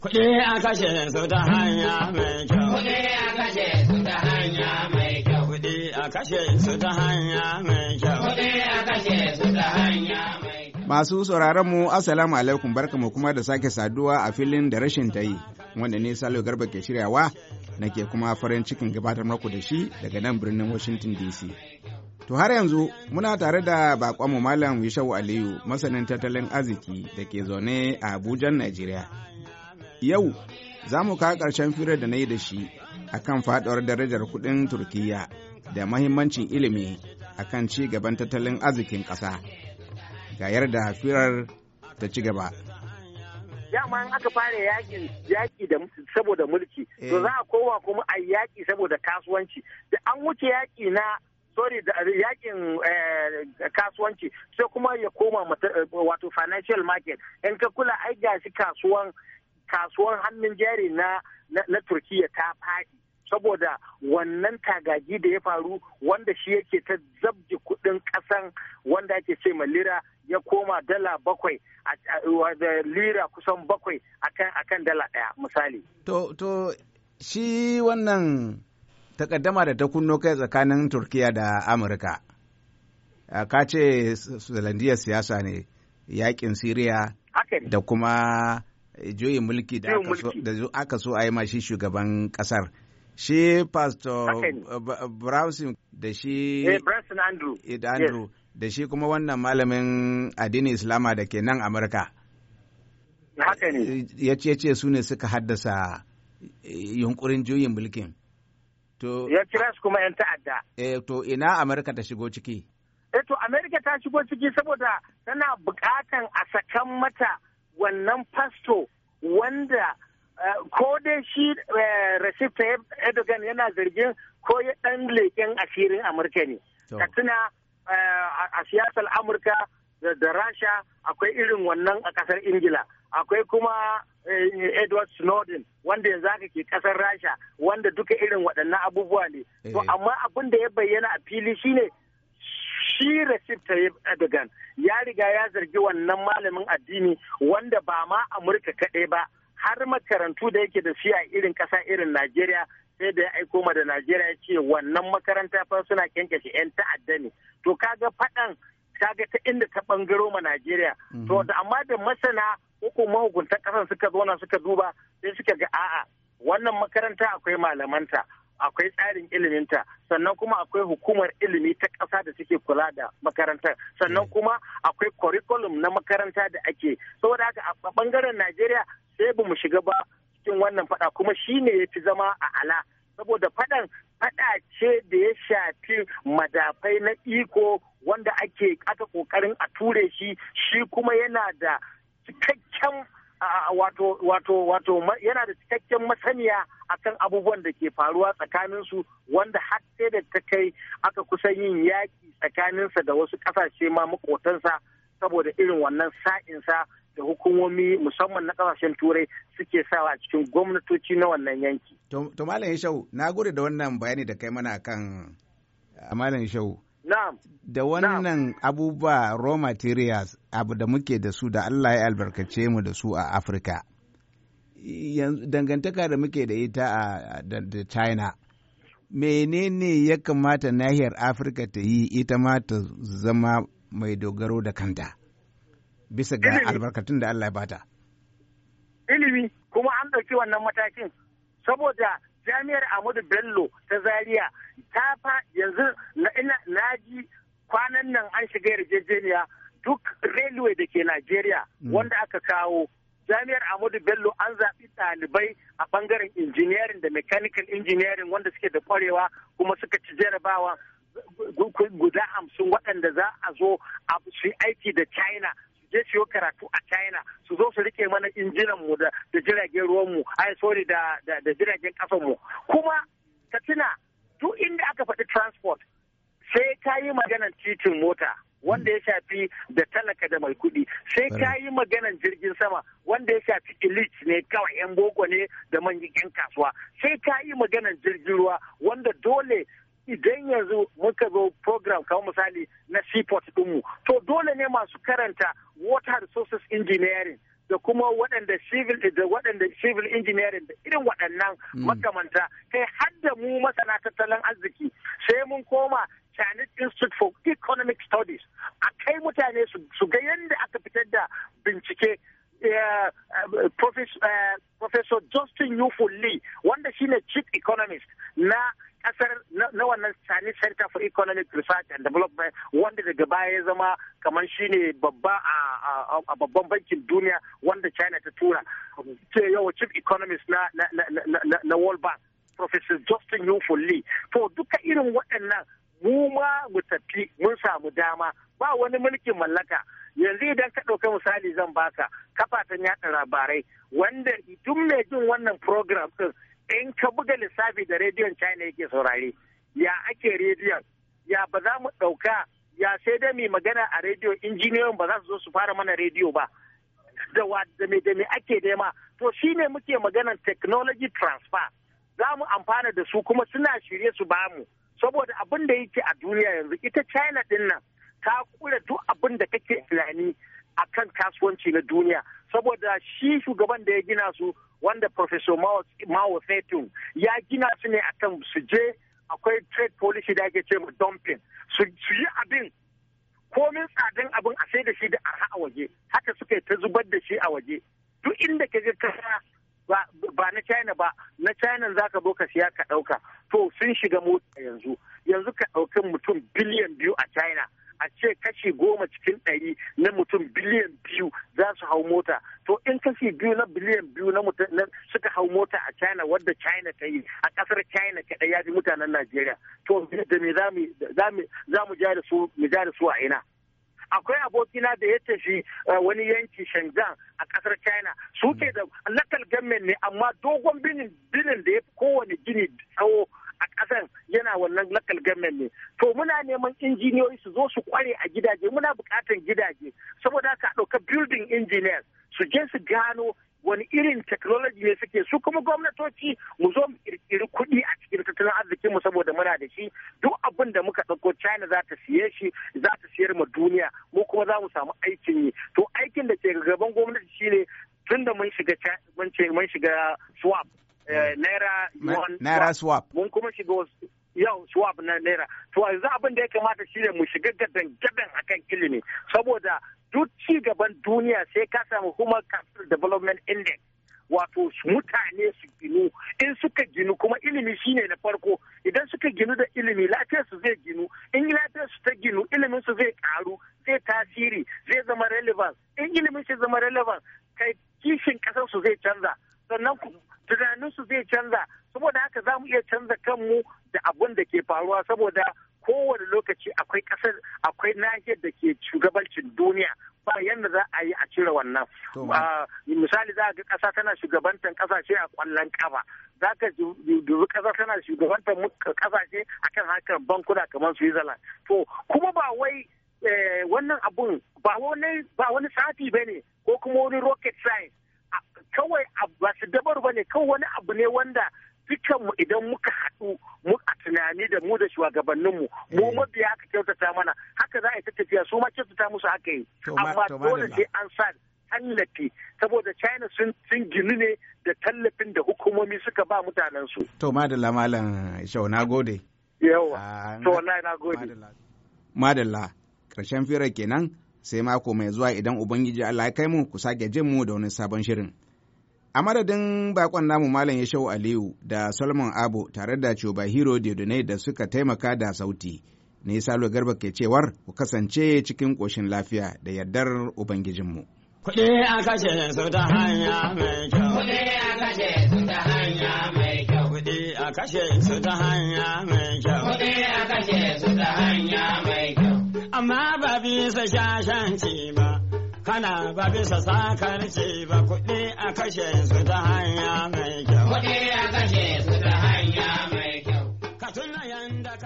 Kuɗi a kashe su ta hanya mai kyau. Kuɗi a kashe su ta hanya mai kyau. Kuɗi a kashe su ta hanya mai kyau. Kuɗi a kashe su ta hanya mai kyau. Masu sauraron mu Assalamu alaikum barkamu kuma da sake saduwa a filin da rashin ta yi wanda ne Salo Garba ke shiryawa nake kuma farin cikin gabatar maku da shi daga nan birnin Washington DC. To har yanzu muna tare da bakonmu Malam Yishawu Aliyu masanin tattalin arziki da ke zaune a Abuja, Najeriya. Yau za mu kawo ƙarshen firar da na yi da shi akan faɗuwar darajar kuɗin Turkiyya da mahimmancin ilimi akan ci gaban tattalin arzikin ƙasa. Ga yarda firar ta ci gaba. dama in aka fara yakin yaki da saboda mulki to eh. za a kowa kuma a yaki saboda kasuwanci da an wuce yaki na sorry da yakin eh, kasuwanci sai kuma ya koma eh, wato financial market in ka kula ai gashi kasuwan kasuwar hannun jari na na turkiya ta faɗi saboda wannan tagagi da ya faru wanda shi yake ta zabji kudin kasan wanda ake ce ma lira ya koma dala bakwai da lira kusan bakwai akan dala daya misali to to shi wannan takaddama da ta kunno kai tsakanin turkiya da amurka ka ce zalandiyar siyasa ne yakin siriya da kuma juyin mulki da aka so a yi ma shi shugaban kasar. Shi Pastor Brownson da shi eh, Andrew eh, da shi kuma wannan malamin addinin Islama da ke nan Amurka. Eh, ya ce su ne suka haddasa yunkurin juyin mulkin. To, ya kira su kuma 'yan ta'adda. Eh, to ina Amurka ta shigo ciki? Eh, to Amurka ta shigo ciki saboda tana buƙatan a sakan mata wannan fasto wanda eh, ko dai shi eh, Recep Tayyip Erdogan yana zargin ko ya ɗan leƙen asirin Amurka ne. Ka tuna eh, a siyasar Amurka da Rasha akwai irin wannan a ƙasar Ingila. Akwai kuma Edward Snowden wanda yanzu haka ke ƙasar Rasha wanda duka irin waɗannan abubuwa ne. To amma abin da ya bayyana a fili shine shi Recep Tayyip Erdogan ya riga ya zargi wannan malamin addini wanda ba ma Amurka kaɗai ba har makarantu da yake da shi a irin ƙasa irin Najeriya sai da ya aiko ma da Najeriya ya ce wannan makaranta fa suna kyankyashe 'yan ta'adda ne. To kaga faɗan kaga ta inda ta ɓangaro ma Najeriya. Mhm. To da amma da masana uku mahukuntan ƙasar suka zauna suka duba sai suka ga a'a wannan makaranta akwai malamanta akwai tsarin iliminta sannan kuma akwai hukumar ilimi ta ƙasa da suke kula da makarantar sannan mm. kuma akwai curriculum na makaranta da ake saboda haka a bangaren najeriya sai ba mu shiga ba cikin wannan fada kuma shine ya fi zama a ala saboda fadan fada ce da ya shafi madafai na iko wanda ake aka kokarin a ture shi shi kuma yana da cikakken wato wato yana da cikakken masaniya akan abubuwan da ke faruwa tsakanin su wanda har sai da ta kai aka kusan yin yaki tsakaninsa da wasu ƙasashe ma makotansa saboda irin wannan sa'insa da hukumomi musamman na kasashen turai suke sawa cikin gwamnatoci na wannan yanki. To Malam Shau, na gode da wannan bayani da kai mana kan ah, Malam Shau. da wannan abubuwa raw materials abu da muke da su da Allah ya albarkace mu da su a Afirka. Dangantaka da muke da ita a da China. Menene ya kamata nahiyar Afirka ta yi ita ma ta zama mai dogaro da kanta bisa ga albarkatun da Allah ya bata. Ilimi kuma an ɗauki wannan matakin saboda jami'ar Ahmadu Bello ta Zaria ta fa yanzu na ji kwanan nan an shiga yarjejeniya duk railway da ke Najeriya hmm. wanda aka kawo jami'ar amadu Bello an zaɓi ɗalibai a ɓangaren engineering da mechanical engineering wanda suke da kwarewa kuma suka ci jarabawa guda hamsin waɗanda za a zo a su aiki da China su je siyo karatu a China su zo su rike mana injinan mu da jiragen ruwan mu ai sorry da jiragen ƙasar mu kuma ka tuna duk inda aka faɗi transport sai ka yi maganan titin mota wanda ya shafi da talaka da mai kuɗi sai ka yi maganan jirgin sama wanda ya shafi elite ne kawai 'yan boko ne da manyan 'yan kasuwa sai ka yi maganan jirgin ruwa wanda dole idan yanzu muka zo program kamar misali na seaport dinmu to dole ne masu karanta water resources engineering da kuma waɗanda civil da waɗanda civil engineering da irin waɗannan mm. makamanta kai har da mu masana tattalin arziki sai mun koma Chinese Institute for Economic Studies a kai mutane su ga yadda aka fitar da bincike eh, eh, eh, Professor Justin Yufu Lee wanda shine chief economist na fitar na wannan Chinese Center for Economic Research and Development wanda daga baya ya zama kamar shine babba a babban bankin duniya wanda China ta tura. Ce yawa chief economist na World Bank Professor Justin Yunfo Lee. To duka irin waɗannan mu ma mu tafi mun samu dama ba wani mulkin mallaka yanzu idan ka ɗauka misali zan baka kafafen yaɗa labarai wanda duk mai jin wannan program ɗin in ka buga lissafi da rediyon china yake saurare ya ake rediyon ya ba za mu ɗauka ya sai dai mai magana a rediyo injiniyoyin ba za su zo su fara mana rediyo ba da me da me ake nema to shine muke maganan technology transfer za mu amfana da su kuma suna shirye su bamu saboda abin da yake a duniya yanzu ita china din nan ta kura duk abin da kake tunani akan kasuwanci na duniya saboda shi shugaban da ya gina su wanda professor Mao Zedong ya gina su ne akan su je akwai trade policy da ake ce ma dumping su yi abin komin tsadan abin a sai da shi da arha a waje haka suka yi ta zubar da shi a waje duk inda ka je kasa ba na china ba na china za ka zo ka siya ka ɗauka to sun shiga mota yanzu yanzu ka ɗauki mutum biliyan biyu a china a ce kashi goma cikin ɗari na mutum biliyan biyu za su hau mota to in kashi biyu na biliyan biyu na mutane suka hau mota a china wadda china ta yi a kasar china kaɗai ya fi mutanen najeriya to da me za mu ja da su a ina akwai abokina da ya tafi eh, wani yanki Shenzhen a kasar China suke da lakal gamen ne amma dogon binin binin da ya fi kowane gini tsawo a ƙasan yana wannan local government ne to muna neman injiniyoyi su zo su kware a gidaje muna buƙatan gidaje saboda haka ɗauka building engineers su je su gano wani irin technology ne suke su kuma gwamnatoci mu zo mu kirkiri kuɗi a cikin tattalin arzikinmu saboda muna da shi duk abin da muka ɗauko china za ta siye shi za ta siyar ma duniya mu kuma za mu samu aikin yi to aikin da ke gaban gwamnati shine tun da mun shiga mun shiga swap Eh, naira naira swap mun kuma shiga yau swap na naira to yanzu abin da ya kamata shine mu shiga gadan gadan kan ilimi saboda duk ci gaban duniya sai ka samu kuma capital development index wato mutane su ginu in suka ginu kuma ilimi shine na farko idan suka ginu da ilimi lafiyar su zai ginu in lafiyar su ta ginu ilimin su zai karu zai tasiri zai zama relevant in ilimin shi zama relevant kai kishin kasar su zai canza sannan iya canza saboda haka za mu iya canza kanmu da abun da ke faruwa saboda kowane lokaci akwai kasar akwai nahiyar da ke shugabancin duniya ba yadda za a yi a cire wannan ah, misali za a ga kasa tana shugabantar kasashe a kwallon kafa za ka dubi kasa tana shugabantar kasashe akan harkar bankuna kamar switzerland to kuma ba wai eh, wannan abun ba wani ba wani sati bane ko kuma wani rocket science kawai ba su dabar ba ne kawai wani abu ne wanda dukanmu idan muka haɗu mu a tunani da mu da shugabanninmu mu eh. mabiya haka kyautata mana haka za a yi ta tafiya su ma kyautata musu haka yi amma dole sai an sa tallafi saboda china sun gini ne da tallafin da hukumomi suka ba mutanensu. to madalla malam shau na gode yawa ah, to wallahi na gode madalla ƙarshen firar kenan sai mako mai zuwa idan ubangiji allah ya kai mu ku sake jin mu da wani sabon shirin A madadin bakon namu Malam Yashau Aliyu da Solomon Abu tare da Chubahiro Diodone da suka taimaka da sauti. Ne Salo Garba ke cewar ku kasance cikin ƙoshin lafiya da yardar Ubangijinmu. Kuɗi a kashe su ta hanya mai kyau. Kuɗi a kashe su ta hanya mai kyau. Kuɗi a kashe su ta hanya mai kyau. Kuɗi a kashe su ta hanya mai kyau. Amma ba bisa shashanci ba. kana ba bisa ce ba kuɗi a kashe su ta hanya mai kyau. Kuɗi a kashe su ta hanya mai